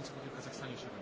rocznicę, będzie w Kazachstanie się robi.